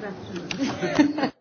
Good afternoon.